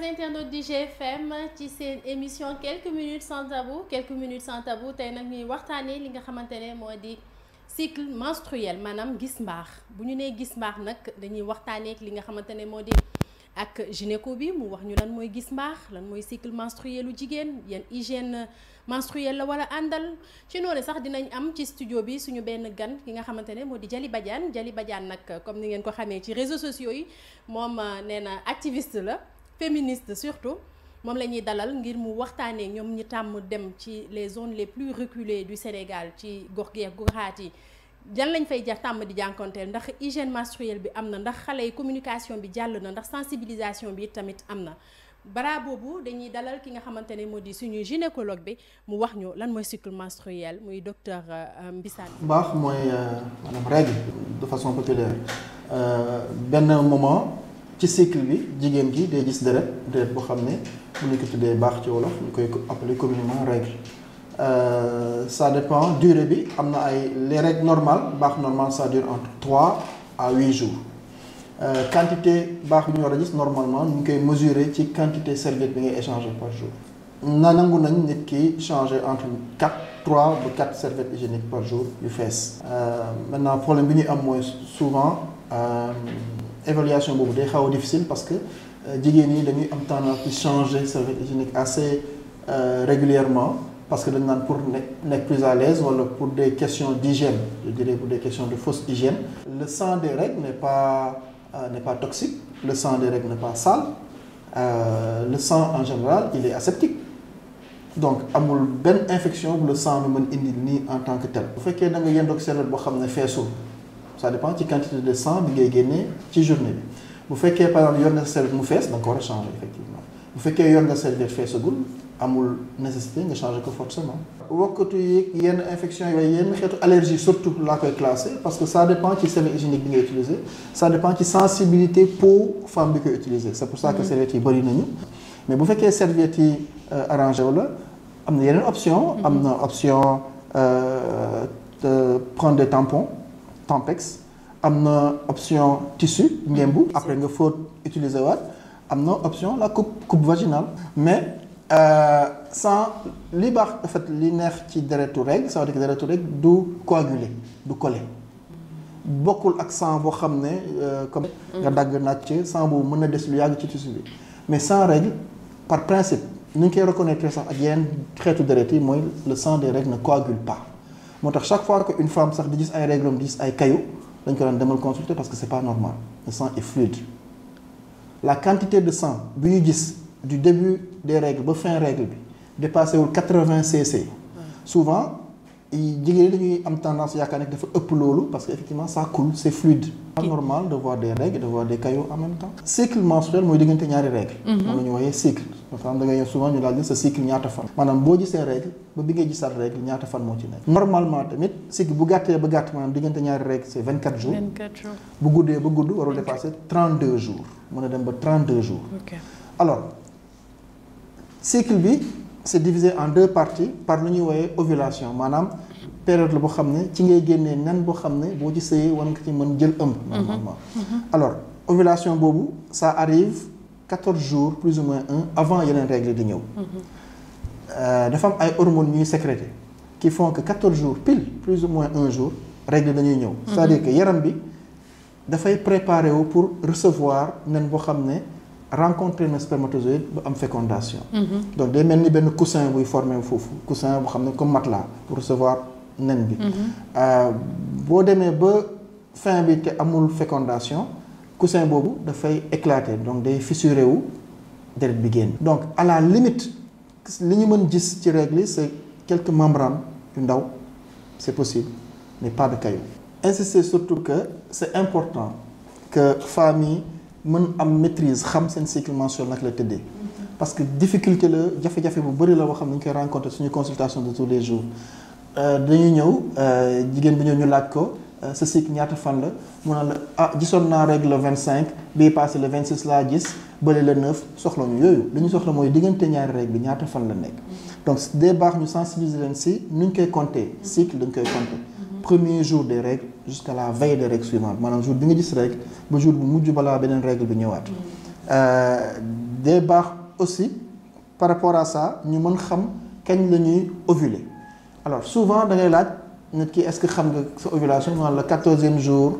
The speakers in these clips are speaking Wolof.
chers internautes du GFM ci émission quelques minutes sans tabou quelques minutes sans tabou tay nak ñuy li nga cycle menstruel Madame gis Vous bu ñu de gis dañuy ak li nga ak gynéco bi mu wax ñu cycle menstruel lu une hygiène menstruelle la ci sax dinañ am ci studio bi suñu benn gan nga Jali Badiane Jali Badiane comme ni ngeen ko xamé ci réseaux sociaux yi mom euh, activiste la féministe surtout Mom la dalal ngir mu waxtaanee ñom ñi tam dem ci les zones les plus reculées du Sénégal ci gox geeg goxaat jan lañ fay jax tam di jànkonteel ndax hygiène menstruelle bi amna ndax xalé communication bi jàll na ndax sensibilisation bi tamit amna. Bara balaa boobu dañuy dalal ki nga xamante modi suñu gynécologue bi mu wax ñu lan moy cycle menstruel muy docteur euh, Mbissane baax moy euh, manam règle de façon populaire ben moment ci cycle bi gi gis communément euh, ça dépend durée bi am les règles normales normal ça dure entre 3 à 8 jours euh, quantité de normalement nous mesurer ci quantité serviette bi par jour Nous nañ changer entre 3 trois 4 serviettes hygiéniques par jour yu fees euh, maintenant problème bi am souvent évaluation est day difficile parce que les gens ont am temps de changer hygiénique assez euh, régulièrement parce que pour être plus à l'aise ou pour des questions d'hygiène je dirais pour des questions de fausse hygiène le sang des règles n'est pas euh, n'est pas toxique le sang des règles n'est pas sale euh, le sang en général il est aseptique donc il amul benn infection que le sang bi en tant que tel da nga ça dépend de la quantité de sang bi vous avez ci journée Vous journée. Si par exemple yor serviette mu pouvez da nga changer effectivement bu fekkee yor serviette vous amul nécessité de changer que forcément. y a une infection y une une allergie surtout là koy classé parce que ça dépend ci serviette hygiénique que vous utilisez, ça dépend de la sensibilité peau femme que vous utiliser C'est pour ça que mhm. serviettes yi Mais nañu mais que les serviettes euh, arrangé arrangée, Il y une une option a euh, option prendre des tampons. Tempex am option tissu ngembu après nga faut utiliser waat amna option la coupe coupe vaginale mais euh, sans li en fait li neex ci règle ça veut dire que deretu règle du coaguler, du coller. bokul ak sang bo xamné euh, comme mm. nga dag na sang sans mën na des lu yag ci tissu bi mais sans règle par principe ni qui koy reconnaître sax ak yeneen de deret moy le sang des règles ne coagule pas chaque fois qu'une femme sax dit ay règles des cailloux elle a demal consulter parce que ce n'est pas normal le sang est fluide la quantité de sang du début des règles de fin des règles, dépasse 80 cc souvent jigéen ñi dañuy am tendance yaakaar ne dafa ëpp loolu parce que effectivement ça coule c'est fluide. pas normal de voir des règles de voir des cailloux en même temps. cycle menstruel mooy diggante ñaari règles. Mhm. moom la ñu wooyee cycle. dafa am da ngay souvent ñu laaj ce sa cycle ñaata fan. maanaam boo gisee règle ba bi ngay gisaat règle ñaata fan moo ci nekk. normalement tamit cycle bu gàttee ba gàtt maanaam diggante ñaari règles, c'est 24 jours. 24 jours bu guddee ba gudd warul dépasser 32 jours mën a dem ba 32 jours. ok alors cycle bi c'est divisé en deux parties par lu ñuy ovulation Madame, période la boo xam ne ci ngay génnee nen boo xam ne boo ci jël normalement mhm. alors ovulation bobo, ça arrive 14 jours plus ou moins un avant yeneen règles di ñëw mhm. euh, dafa am ay hormones ñuy sécrété qui font que 14 jours pile plus ou moins un jour règle dañuy ñëw mhm. c'est-à-dire que yaram bi dafay préparé wu pour recevoir nan boo rencontrer un spermatozoïde pour une fécondation. Mhm. donc day mel ni benn coussin qui formé un coussin un xam comme matelas pour recevoir nen bi. Mhm. Euh, on demee ba fin bi te amul fécondation coussin boobu dafay éclater donc des fissuré wu bi donc à la limite li que mën gis ci c'est quelques membranes c'est possible mais pas de cailloux. insister surtout que c'est important que famille mën am maîtrise xam seen cycle mensuel nak la tëddee parce que difficulté la jafe-jafe bu bëri la boo xam ne ñu koy rencontré suñu consultation de tous les jours euh, dañuy ñëw euh, jigéen bi ñëw ñu laaj ko euh, sa cycle ñaata fan la mu ne la ah gisoon naa règle le 25 bii passé le 26 laa gis bële le 9 soxla ñu yooyu li ñu soxla mooy diggante ñaari règle bi ñaata fan la nekk donc dee baax ñu sensibiliser leen si ñu koy compter cycle dañ koy compter premier jour des règles jusqu'à la veille des règles suivantes le jour bi nga gis règle le jour bu mujj balaa beneen règle bi ñëwaat. Mm. Euh, Débat aussi par rapport à ça nous mën xam kañ la ñuy ovuler alors souvent dans les laaj nit est-ce que xam nga sa ovulation dans le 14e jour.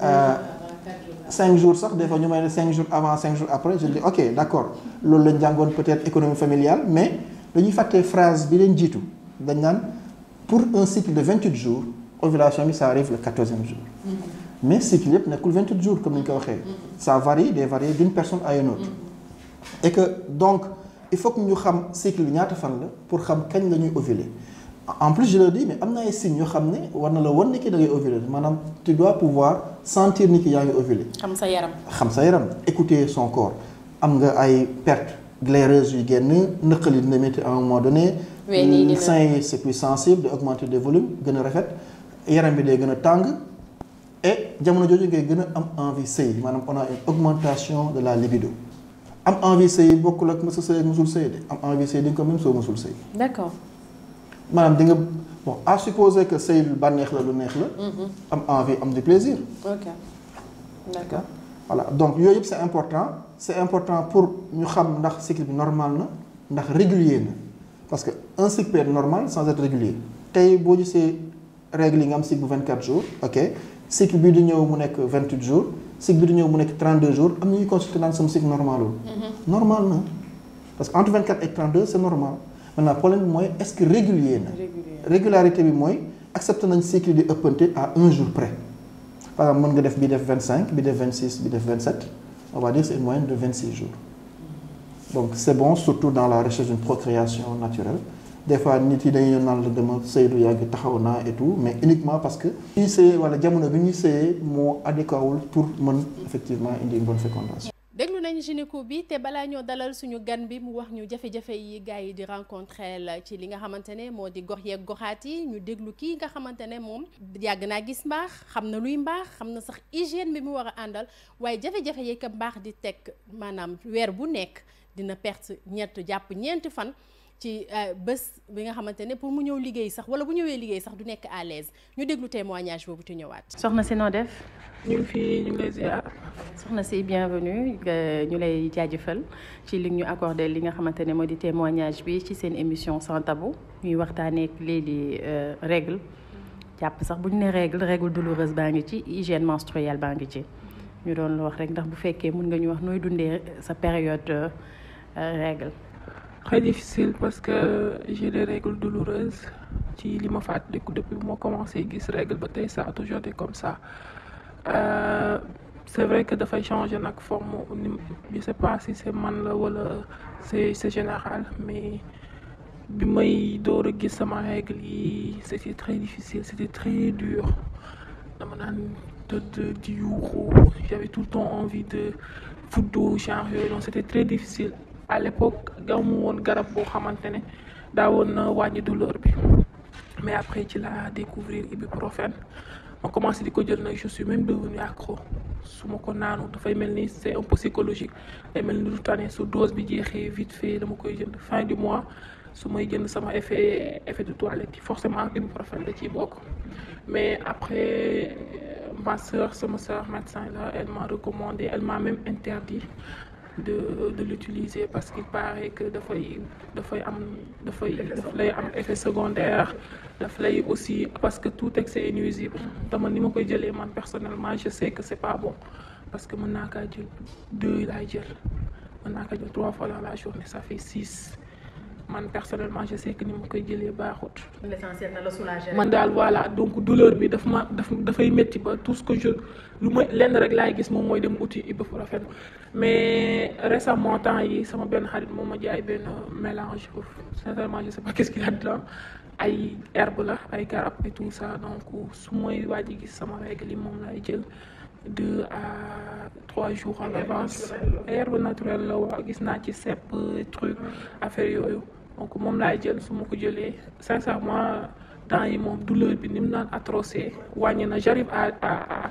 5 euh, jours sax des fois ñu may 5 jours avant 5 jours après je dis ok d'accord le lañ peut-être économie familiale mais dañuy fàtte phrase bi leen jiitu dañ pour un cycle de 28 jours ovulation ça arrive le 14e jour mais cycle ne que 28 jours comme nous le ça varie des varier d'une personne à une autre et que donc il faut que ñu xam cycle pour xam quand la ovuler en plus je le dis mais y a des signes qui sont ne war na la les ovuler tu dois pouvoir sentir ni tu yaa ovuler. xam sa yaram xam sa yaram écouter son corps am nga ay pertes glaireuses yu génn nëqali à un moment donné oui sein yi c'est plus sensible de augmenter de volume gën a rafet yaram bi day gën a tàng et jamono jooju ngay gën a am envie sëy maanaam on a une augmentation de la libido am envie sëy bokkul ak mësa sëy ak mësul sëy de am envie sëy di nga ko même soo mësul sëy. d'accord maanaam di nga bon à supposer que sëy lu bànneex la lu neex la. Mhm. am envie am du plaisir. ok d'accord voilà donc yooyu yëpp c'est important c'est important pour ñu xam ndax cycle bi normal na ndax régulier na parce que un cycle normal sans être régulier Si vous c'est un cycle de 24 jours ok cycle de 28 jours cycle de 32 jours am na consulté consulter un cycle normal mm-hmm. normal non parce que entre 24 et 32 c'est normal. normal maintenant problème est, est ce que régulier na. régularité bi accepter un cycle de ëppante à un jour près par exemple vous nga 25 26 27 on va dire que c'est une moyenne de 26 jours mm-hmm. donc c'est bon surtout dans la recherche d'une procréation naturelle des fois nit yi dañuy naan la dama sëy du yàgg et tout mais uniquement parce que ñuy sëyee wala jamono bi ñuy sëyee mo adéquawul pour man effectivement indi une bonne fécondation déglu nañ gynéco bi té bala ñoo dalal suñu gan bi mu wax ñu jafé jafé yi gaay yi di rencontrer ci li nga xamante ne di gox yeeg goxaat ñu déglu ki nga xamante mom moom na gis mbax xamna luy mbax xamna sax hygiène bi mu wara andal waye jafé jafé yi ka mbax di tek manam wèr bu nekk dina perte ñett japp ñeenti fan ci euh, bés bi nga xamante ne pour mu ñëw liggéey sax wala bu ñëwee liggéey sax du nekk à l'aise ñu déglu témoignage boobu te ñëwaat. soxna si noo def. ñu ngi fii ñu ngi lay ziar. soxna si bienvenue euh, ñu lay jaajëfal ci li ñu accordé li nga xamante ne moo di témoignage bi ci seen émission sans tabou ñuy waxtaanee ak lii di euh, règle jàpp sax bu ñu nee règle règle douloureuse baa ngi ci hygiène menstruelle baa ngi ci. ñu doon la wax rek ndax bu fekkee mun nga ñu wax nooy dundee sa période règle très difficile parce que j'ai des règles douloureuses qui' ma coups depuis que j'ai commencé à règle règles règles, ça a toujours été comme ça euh, c'est vrai que dafay changer la forme Je ne sais pas si c'est man ou c'est général mais quand j'ai vu mes règles, c'était très difficile c'était très dur j'avais tout le temps envie de foutre genre yooyu donc c'était très difficile à l'époque gamu woon garab boo xamantene ne daawoon na douleur bi mais après ci la découvrir ibuprofène ma commencé di ko jël nag je suis même devenu accro su ma ko naanu dafay mel ni c'est un peu psychologique day melni ni du tane su dose bi jexé vite fait dama koy jënd fin du mois su may jënd sama effet effet de toilette forcément ibuprofène da ci bokk mais après ma soeur sama soeur médecin là, elle m'a recommandé elle m'a même interdit de de l'utiliser parce qu'il paraît que dafay dafay am dafay daf am effet secondaire daf aussi parce que tout excès est nuisible te man ni ma koy man personnellement je sais que c'est pas bon parce que je n'ai pas jël deux laay jël mën trois fois dans la journée ça fait six man personnellement je sais que ni ma koy jëlee baaxut. l'essentiel na la soulager. man daal voilà donc douleur bi daf ma daf dafay métti ba tout ce que je lu ma lenn rek laay gis moom mooy dem uti ibuprofène mais récemment temps yi sama benn xarit moom ma jaay benn mélange c'est sincèrement je sais pas qu'est-ce qu'il y a là ay herbe la ay garab et tout ça donc su may waaj a gis sama règle li moom laay jël. deux à trois jours en avance herbe naturelle la waa gis naa ci sepp truc mm. affaire yooyu donc moom laay jël su ma jëlé jëlee sincèrement temps yi mom douleur bi nim mu atrocé wàññi na j'arrive à à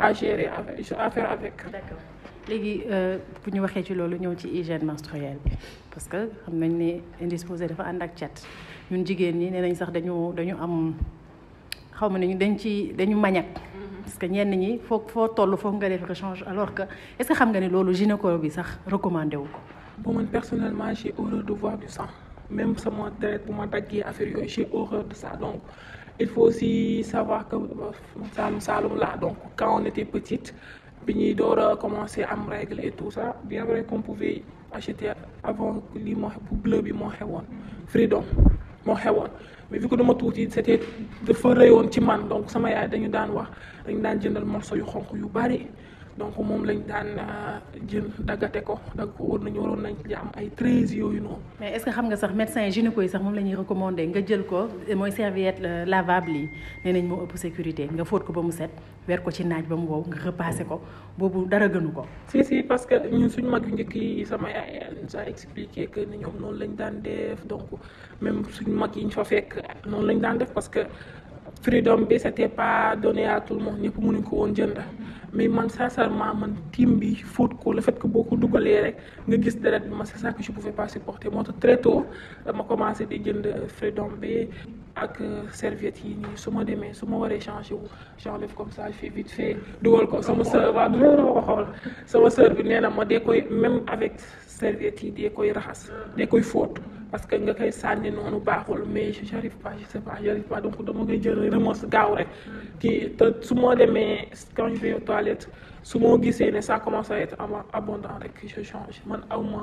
à gérer affaire avec. légui euh bu ñu waxé ci lolu ñëw ci hygiène menstruelle bi parce que xam nañ ne indisposé dafa and ak chat ñun jigéen ñi né nañ sax dañu dañu am xawma ma ñu dañ ci dañu mañak mm-hmm. parce que ñenn ñi foo foo toll foog nga def rechange alors que est-ce que xam nga ne loolu gynéco bi sax recommandé wu ko. bon man personnellement j'ai horreur de voir du sang même sama traite bu ma daggee affaire j'ai horreur de ça donc il faut aussi savoir que euh, là donc quand on était petite bi ñuy commencer a commencé am et tout ça bien vrai qu'on pouvait acheter avant que le bleu bi freedom moo mais vu que nous tuuti c'était faire rëyoon ci man donc sama yaay dañu dit wax dañu jëndal morceau yu yu donc mom lañ daan euh, jën dagaté ko dag ko won nañu waroon nañ ci am ay 13 yoyu noonu. mais est-ce que xam nga sax médecin gynéco yi sax mom la ñuy recommandé nga jël ko moy serviette euh, lavable yi nee nañ mo ëpp sécurité nga fot ko ba mu set weer ko ci naaj ba mu wow nga repasser ko bobu dara gënu ko. si si parce que ñun suñu mag yu njëkk yi sama yaay ça expliqué que ni ñoom noonu lañ daan def donc même suñu mag yi ñu fa fekk non lañ daan def parce que freedom bi c'était pas donné à tout le monde ñëpp mënuñ ko woon jënd mais man sincèrement man team bi fóot ko le fait que boko dougalé rek nga gis deret ma man c'est ça que je pouvais pas supporter moo très tôt euh, ma commencé di jënd euh, fredon bi ak euh, serviette yi nii su ma demee su ma waree j'enlève comme ça je fais vite fait dougal ko sama sœur va du ma ko xool sama sœur bi néna ma dé koy même avec serviette yi dee koy raxas dee koy fóot parce que nga kay sànni noonu baaxul mais j'arrive pas je sais pas j'arrive pas donc dama koy jël remorse gaaw rek kii te su ma demee quand je vais su ma gisee ne saa commence à être abondant rek je man aw ma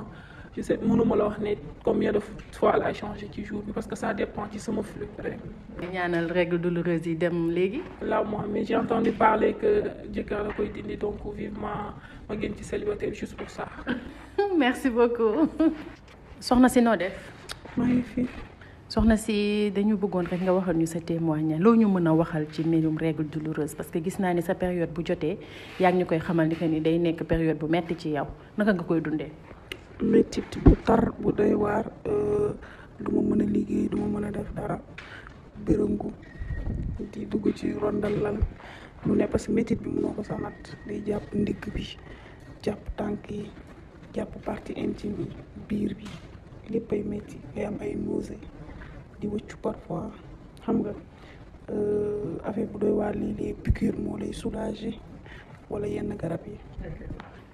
je sais mënuma la wax combien de fois laay changé ci jour parce que ça dépend ci il flux a une règle douloureuse yi dem là moi mais j'ai entendu parler que jëkkër la koy dindi donc vivement ma gën ci célibataire juste pour ça. merci beaucoup. soxna ci no def. maa ngi fi. soxna ci dañu bëggoon rek nga waxal ñu sa témoignage loo ñu mën a waxal ci mbirum règle douloureuse parce que gis naa ni sa période bu jotee yaa ngi ñu koy xamal ni que ni day nekk période bu metti ci yow naka nga koy dundee. métit bu tar bu doy waar euh, du ma mën a liggéey du ma mën a def dara bërëngu di dugg ci rondal lal lu ne parce que métit bi mënoo ko sanat day jàpp ndigg bi jàpp tànk yi jàpp partie intime yi biir bi lépp métti ngay am ay nausées di wëccu parfois xam nga euh, affaire bu doy waar lii les piqûres moo lay soulager wala yenn garab yi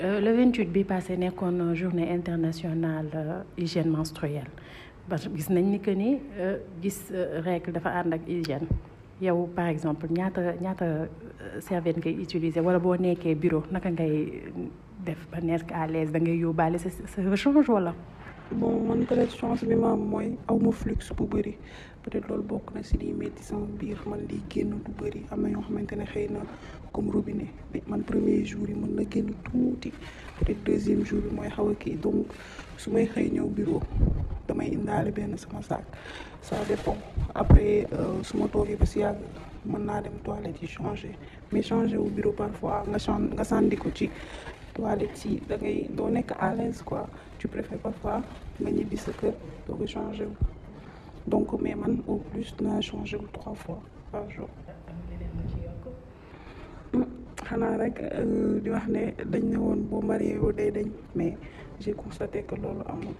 Euh, le 28 bi passé une journée internationale euh, hygiène menstruelle parce que gis nañ ni que ni euh, gis règle dafa hygiène yow par exemple ñaata ñaata serviette ngay utiliser wala utilisées, nekkee bureau naka ngay def ba nek à l'aise da ngay yóbbaale ce change wala bon man chance bi ma am mooy aw ma flux bu bëri peut-être loolu bokk na si liy métti sama biir man liy génn du bëri am na ñoo xamante ne xëy na comme robinet man premier jour yi mën na génn tuuti peut-être deuxième jour bi mooy xaw a kii donc su may xëy ñëw bureau damay indaale benn sama sac ça dépend après euh, su ma toogee ba si yàgg mën naa dem toilette yi changer mais changer au bureau parfois nga change nga sànni ko ci toile ci da ngay doo nekk à l'aise quoi tu préfères pas nga mais sa kër doo ko donc mais man au plus naa changé wu trois fois par jour hmm, xanaa rek euh, di wax ne dañ ne woon bo marié wu day dañ mais j'ai constaté que loolu amul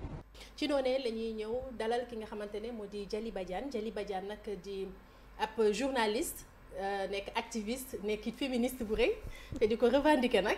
ci noonee la ñuy ñëw dalal ki nga xamante ne moo di Djali Badiane Djali Badiane nag di ab journaliste euh, nekk activiste nekk féministe bouré et te di ko revendiquer nag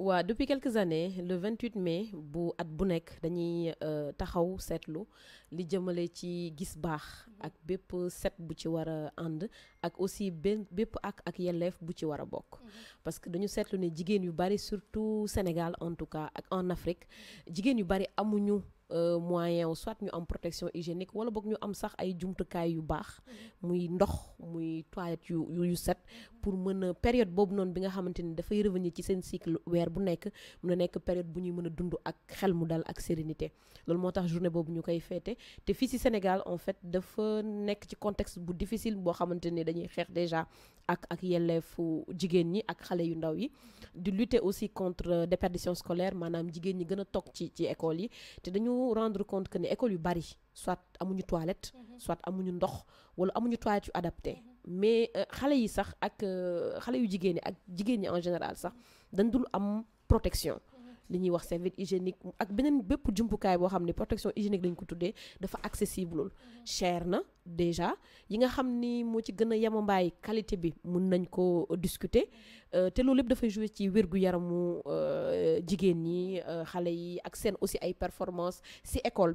wa depuis quelques années le 28 mai bu at bu nek dañuy euh, taxaw setlu li jëmale ci gis bax ak bép set bu ci wara and ak aussi ben, bép ak ak yelleef bu ci wara bok mhm. parce que dañu setlu ne jigéen yu bari surtout Sénégal en tout cas ak en Afrique jigéen yu bari amuñu euh, moyen wu soit ñu am protection hygiénique wala bok ñu am sax ay jumtukaay yu bax mhm. muy ndox muy toilette yu yu set pour mën période bobu non bi nga xamanteni da fay revenir ci sen cycle weer bu nek mun nek période bu ñuy mëna dundu ak xel mu dal ak sérénité lool motax journée bobu ñukay koy té fi ci Sénégal en fait dafa nek ci contexte bu difficile bo xamanteni dañuy xeex déjà ak ak yelleefu jigéen ñi ak xalé yu ndaw yi di lutter aussi contre euh, déperdition scolaire manam jigéen ñi gëna tok ci ci école yi té dañu rendre compte que ni école yu bari soit amuñu toilette mhm. soit amuñu ndox wala amuñu toilette yu adapté mhm mais euh, xalé yi sax ak euh, xalé en général sax dañ protection li ñuy wax service hygiénique ak benen bépp protection hygiénique accessible cher déjà yi nga qualité bi mun nañ ko discuter euh, te loolu ci yaramu aussi ay performance ci école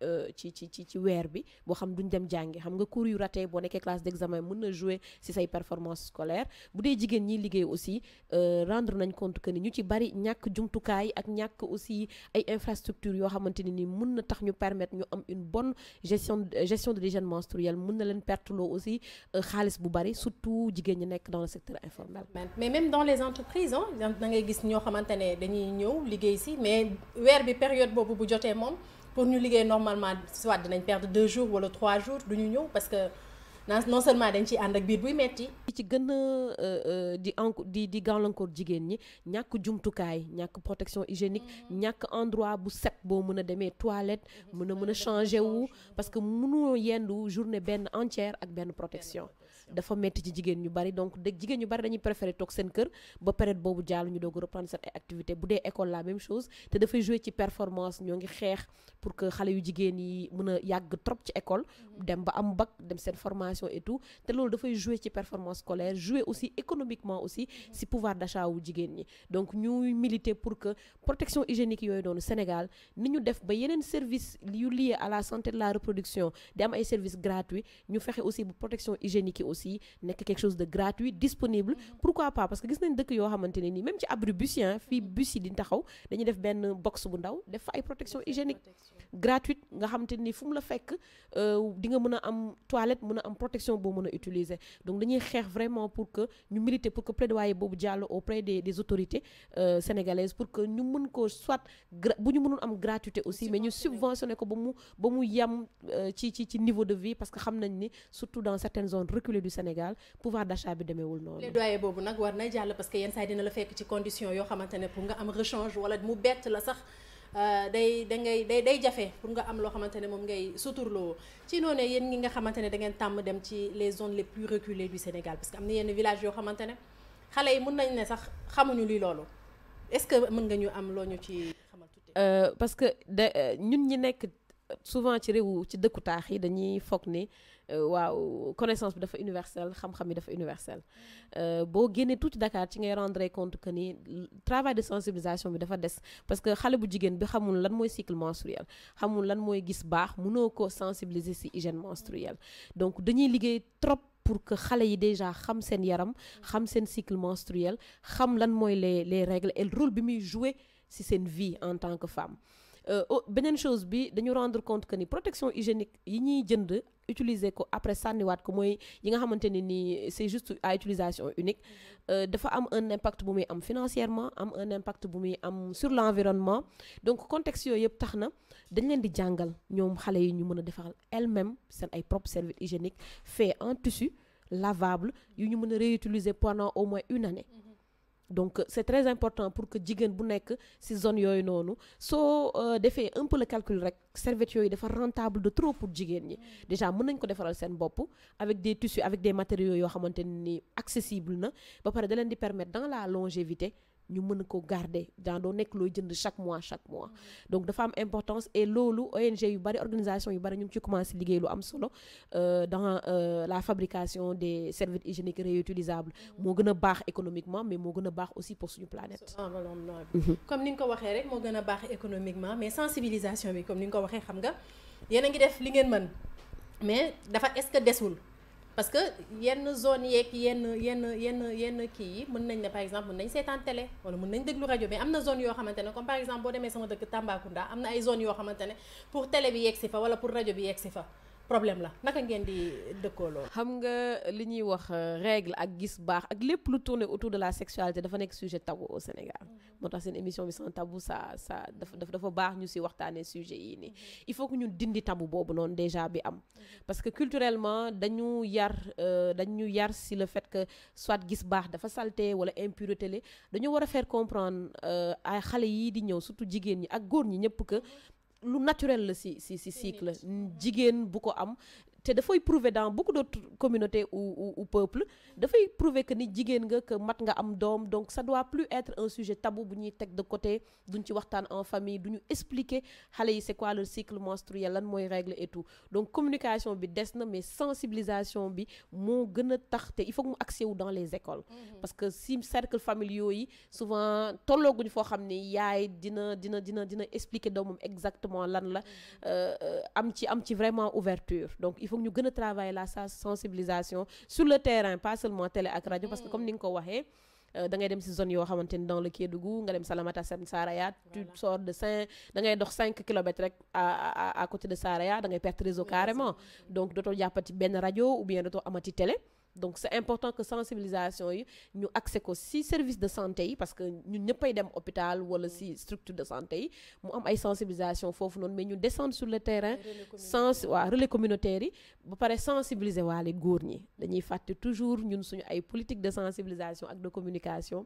Euh, ci ci ci ci weer bi bo xam duñ dem jàngi xam nga cours yu raté bo nekkee classe d'examen mën na jouer ci say performance scolaire bu dee jigéen ñi liggéey aussi euh, rendre nañ compte que ni ñu ci bari ñàkk jumtukaay ak ñàkk aussi ay infrastructures yoo xamante ni ni mën na tax ñu permettre ñu am une bonne gestion gestion de l'hygiène menstruelle mën na leen perteloo aussi euh, xaalis bu bari surtout jigéen ñi nekk dans le secteur informel. mais même dans les entreprises hein, da ngay gis ñoo xamante ne dañuy ñëw liggéey ci mais weer bi période boobu bu jotee moom pour nous liguer normalement soit dinañ perdre deux jours le trois jours de ñu ñëw parce que non seulement dañ ci and ak biir buy metti ci gën a euh, euh, di enc di di gàllankoor jigen ñi ñàkk kay ñak protection hygiénique mm-hmm. ñak endroit bu set bo mëna a toilette mëna mëna changer wu parce que mënu yendu journée ben entière ak ben protection dafa metti ci jigéen ñu bari donc de jigéen ñu bari dañuy préférer toog seen kër ba période boobu jàll ñu doog reprendre seen activité bu école la même chose te dafay jouer ci performance ñoo ngi pour que xale yu jigéen yi mën a trop ci école mhm. dem ba am bac dem seen formation et tout te loolu dafay jouer ci performance scolaire jouer aussi économiquement aussi mhm. si pouvoir d'achat wu jigéen ñi donc ñuy militer pour que protection hygiénique yooyu doonu Sénégal ni ñu def ba yeneen service yu lié à la santé de la reproduction di am ay services gratuits ñu fexe aussi bu protection hygiénique aussi aussi nek quelque chose de gratuit disponible mhm. pourquoi pas parce que gis nañ dëkk yoo xamante ne même ci abri bus yi ah, fii bus yi di taxaw dañuy def benn box bu ndaw def fa protection hygiénique gratuite nga xamante ni fu mu la fekk euh, di nga mën a am toilette mën am protection boo mën utiliser donc dañuy xeex vraiment pour que ñu militer pour que plaidoyer boobu jàll auprès des des autorités euh, sénégalaises pour que ñu mën ko soit bu ñu mënoon am gratuité aussi mais ñu subventionné ko ba mu ba mu yam euh, ci ci ci niveau de vie parce que xam nañ ni surtout dans certaines zones reculées du Sénégal pouvoir d'achat bi demeewul noonu. plaidoyer boobu nag war na jall parce que yeen say dina la fekk ci conditions yo xamante pour nga am rechange wala mu bett la sax. euh day da ngay day day jafé pour nga am lo xamante mom ngay suturloo ci noné yeen ñi nga xamante da ngeen tam dem ci les zones les plus reculées du Sénégal parce que am na yenn village yo xamante xalé yi mën nañ né sax xamuñu luy lolu est-ce que mën nga ñu am loñu ci xamal euh parce que euh, ñun ñi nekk souvent ci réew ci dëkku taax yi dañuy foog ni euh, waaw connaissance bi dafa universelle xam-xam bi dafa universelle euh, boo génnee tuuti Dakar ci ngay rendre compte que ni travail de sensibilisation bi dafa des parce que xale bu jigéen bi xamul lan mooy cycle menstruel xamul lan mooy gis baax mënoo ko sensibiliser ci hygiène menstruelle donc dañuy liggéey trop pour que xale yi déjà xam seen yaram xam seen cycle menstruel xam lan mooy les les règles et rôle bi muy jouer ci seen vie en tant que femme euh, oh, beneen chose bi dañu rendre compte que ni protection hygiénique yi ñuy jënd utiliser ko après sànniwaat ko mooy yi nga xamante ni c'est juste à utilisation unique euh, dafa am un impact bu muy am financièrement am un impact bu muy am sur l'environnement donc contexte yooyu yëpp tax na dañ leen di jàngal ñoom xale yi ñu mën a defaral elle-même seen ay propres serviette hygiéniques fait en tissu lavable yu ñu mën a réutiliser pendant au moins une année donc c'est très important pour que jigen bu nek ci zone zones noonu soo euh, défé un peu le calcul rek serviettes yoy dafa rentable de trop pour les ni déjà mën nañ ko défaral sen bop avec des tissus avec des matériaux yo xamante accessible na ba di permettre dans la longévité nous mën ko garder dans nos éclosions de chaque mois chaque mois donc dafa am importance et lolu ONG yu bari organisation yu bari ñu commencent ci commencé liggéey lu am solo euh, dans euh, la fabrication des serviettes hygiéniques réutilisables mo gëna économiquement mais mo gëna aussi pour suñu planète. Mhm. comme nous ko waxé rek mo gëna économiquement mais sensibilisation bi comme nous ko waxé xam nga a ngi def li ngeen mais dafa est-ce que dessoul parce que une zone yek yenn yenn yenn yenn ki par exemple mën nañ en télé wala mën nañ déglu radio mais zone comme par exemple boo demee sama Tamba Tamba Kunda y zone zones qui pour télé bi exifa, pour radio, bi problème là, naka ngeen di dëkkoo xam nga li ñuy wax euh, règle ak gis baax ak lépp lu tourner autour de la sexualité dafa nek sujet tabou au Sénégal mm-hmm. motax tax seen émission bi sans tabou ça ça dafa dafa baax ñu si waxtaanee sujet yi ni il faut que ñu dindi tabou bobu non déjà bi am mm-hmm. parce que culturellement dañu yar euh, dañu yar si le fait que soit gis baax dafa salté wala impureté dañu wara faire comprendre euh, ay xalé yi di ñew surtout jigéen ñi ak góor ñi ñëpp que mm-hmm. lu naturel la si si si cycle jigéen bu ko am te dafay prouver dans beaucoup d'autres communautés ou ou peuples dafay prouver que ni jigen nga que mat nga am donc ça doit plus être un sujet tabou tek de côté duñ ci en famille duñu expliquer allez c'est quoi leur cycle menstruel lan moy règle et tout donc communication bi mais sensibilisation bi mo il faut que mu accès dans les écoles mm-hmm. parce que si cercle familiaux yi souvent il faut xam yaay dina dina dina dina expliquer doomam exactement lan la mm-hmm. euh, euh, am ci am ci vraiment ouverture donc il faut nous ñu gën a travailler la sensibilisation sur le terrain pas seulement télé ak radio, parce que comme nous nga ko waxee euh, da ngay dem si zone dans le Kédougou nga dem Salamata Sène Saraya tu sors de 5, da ngay dox kilomètres à à côté de Saraya da ngay perdre réseau carrément donc dootoo jàppati une radio ou bien dootoo amati télé donc c'est important que sensibilisation nous ñu accès ko ci service de santé parce que ñun ñëppay dem hôpital ou ci mm. structure de santé nous avons une sensibilisation foofu non mais nous descendre sur le terrain sens waa relais communautaire ba sensibiliser les les ñi dañuy toujours ñun suñu ay politique de sensibilisation ak de communication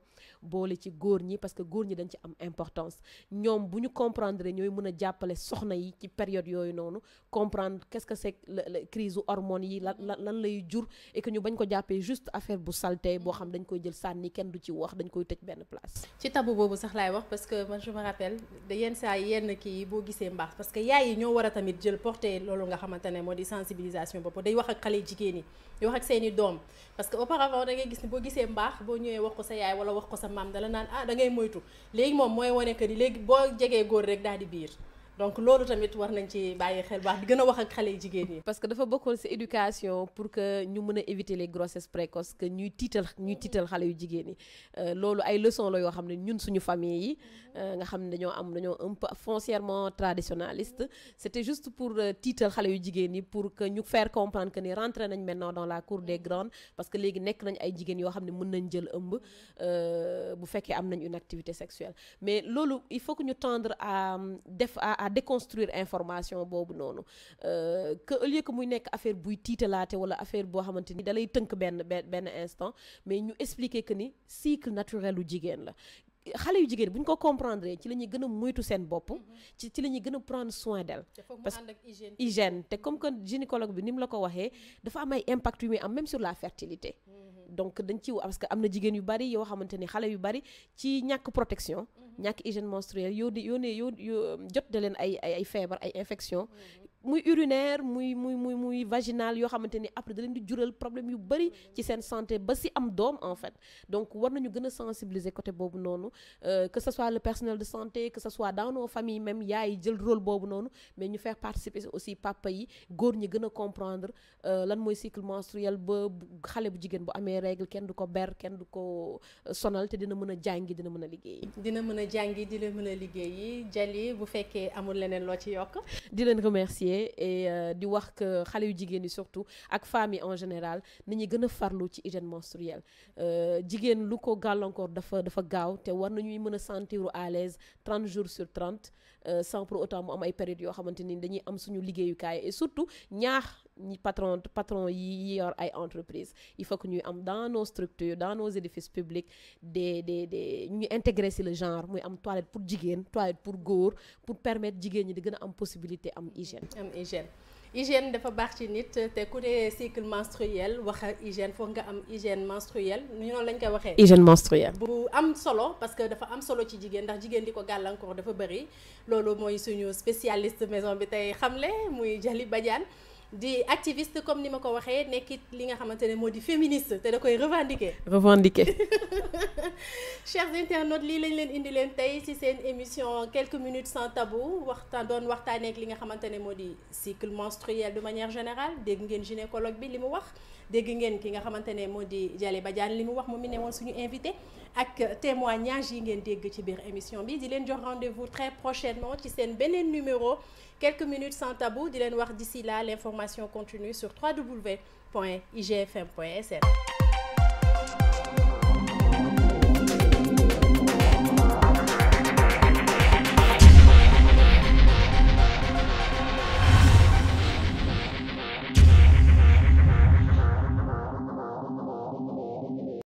pour les góor parce que góor ñi dañ ci am importance nous bu ñu comprendre ñoy mëna a soxna yi ci période yoyu noonu comprendre qu'est-ce que c'est la crise hormones yi lan lay jur et que ñu ko jappé juste affaire bu salté bo xam dañ koy jël sanni kenn du ci wax dañ koy tëj ben place. ci tabou bobu sax lay wax parce que man je me rappelle de yenn sa yenn ki bo gissé mbax parce que yaay yi ñoo wara tamit jël porter lolu nga xamante modi sensibilisation bopp day wax ak xalé jigéen yi di wax ak seeni i doom parce que auparavant da ngay gis ni bo gissé mbax bo ñëwé wax ko sa yaay wala wax ko sa maam dala naan ah da ngay moytu légui mom moy woné que légui bo boo jegee rek daal di biir donc loolu tamit war nañ ci bàyyi xel baax di gën wax ak parce que dafa beaucoup ci éducation pour que nous puissions éviter les grossesses précoces que nous tiital ñuy tiital xale yu jigéen yi euh, loolu ay leçons la nous nous famille yi euh, nga xam ne un peu foncièrement traditionnaliste c'était juste pour euh, tiital les yu pour que nous faire comprendre que ni rentré nañ maintenant dans la cour des grandes parce que les nekk nañ ay jigéen yoo xam ne mën nañ une activité sexuelle mais loolu il faut que nous tendre à def à déconstruire information boobu euh que au lieu que muy nek affaire buy titelaté wala affaire bo xamanteni ni dalay teunk ben ben instant mais ñu expliquer que ni cycle naturel lu jigen la xalé yu jigen buñ ko comprendre ci lañuy gëna muytu sen bop ci ci lañuy gëna prendre soin d'elle parce que hygiène té comme que gynécologue bi nim la ko waxé dafa am ay impact yu muy am même sur la fertilité mm donc dañ ci parce que amna jigen yu bari yo xamanteni xalé yu bari ci ñak protection mhm. ñak hygiène menstruelle yo yo ne yo jot de len ay ay fièvre ay infection mhm muy urinaire muy muy muy muy vaginal yo xamanteni après da leen di jural problème yu bari ci sen santé ba si am doom en fait donc war nañu gëna sensibiliser côté boobu noonu euh, que ce soit le personnel de santé que ce soit dans nos familles même yaay jël rôle bobu noonu mais ñu faire participer aussi papa yi góor ñi gën a comprendre euh, lan moy cycle menstruel ba xalé bu jigen bu amé règle kenn du ber kenn du euh, sonal té dina mëna jangi dina mëna a dina mëna jangi jàngi dina mëna a Jali bu féké amul leneen lo ci yok di leen remercier conseiller et euh, di wax que xalé yu jigéen yi surtout ak femmes en général nañu gën a farlu ci hygiène menstruelle euh jigéen lu ko gàllankoor dafa dafa gaaw té war nañuy mëna a sentir à l'aise 30 jours sur 30 euh, sans pour autant mu am ay période yoo xamante ni dañuy am suñu liggéeyukaay et surtout ñaax ñi patron patron yi yor ay entreprise il faut que nous am dans nos structures dans nos édifices publics des des des ñu intégrer si le genre muy am toilettes pour jigéen toilettes pour góor pour permettre jigéen ñi di gën a am possibilité am hygiène am hygiène hygiène dafa baax ci nit té cycle menstruel wax hygiène nga am hygiène menstruelle ñu lañ koy waxé hygiène menstruelle. bu am solo parce que dafa am solo ci jigen ndax jigen diko encore dafa bëri y moy suñu spécialiste maison bi tay xamlé muy Jali Badiane. Des activistes comme ni ko waxee nekkit li nga féministe chers internautes lii lañ leen indi émission quelques minutes sans tabou On doon waxtaanee ak li nga cycle menstruel de manière générale dit ngeen gynécologue bi li wax dégg ki nga wax que invité ak témoignage yi ngeen dégg ci biir émission bi di leen jox rendez-vous très prochainement ci seen beneen numéro quelques minutes sans tabou di leen wax d'ici là l'information continue sur www.igfm.sn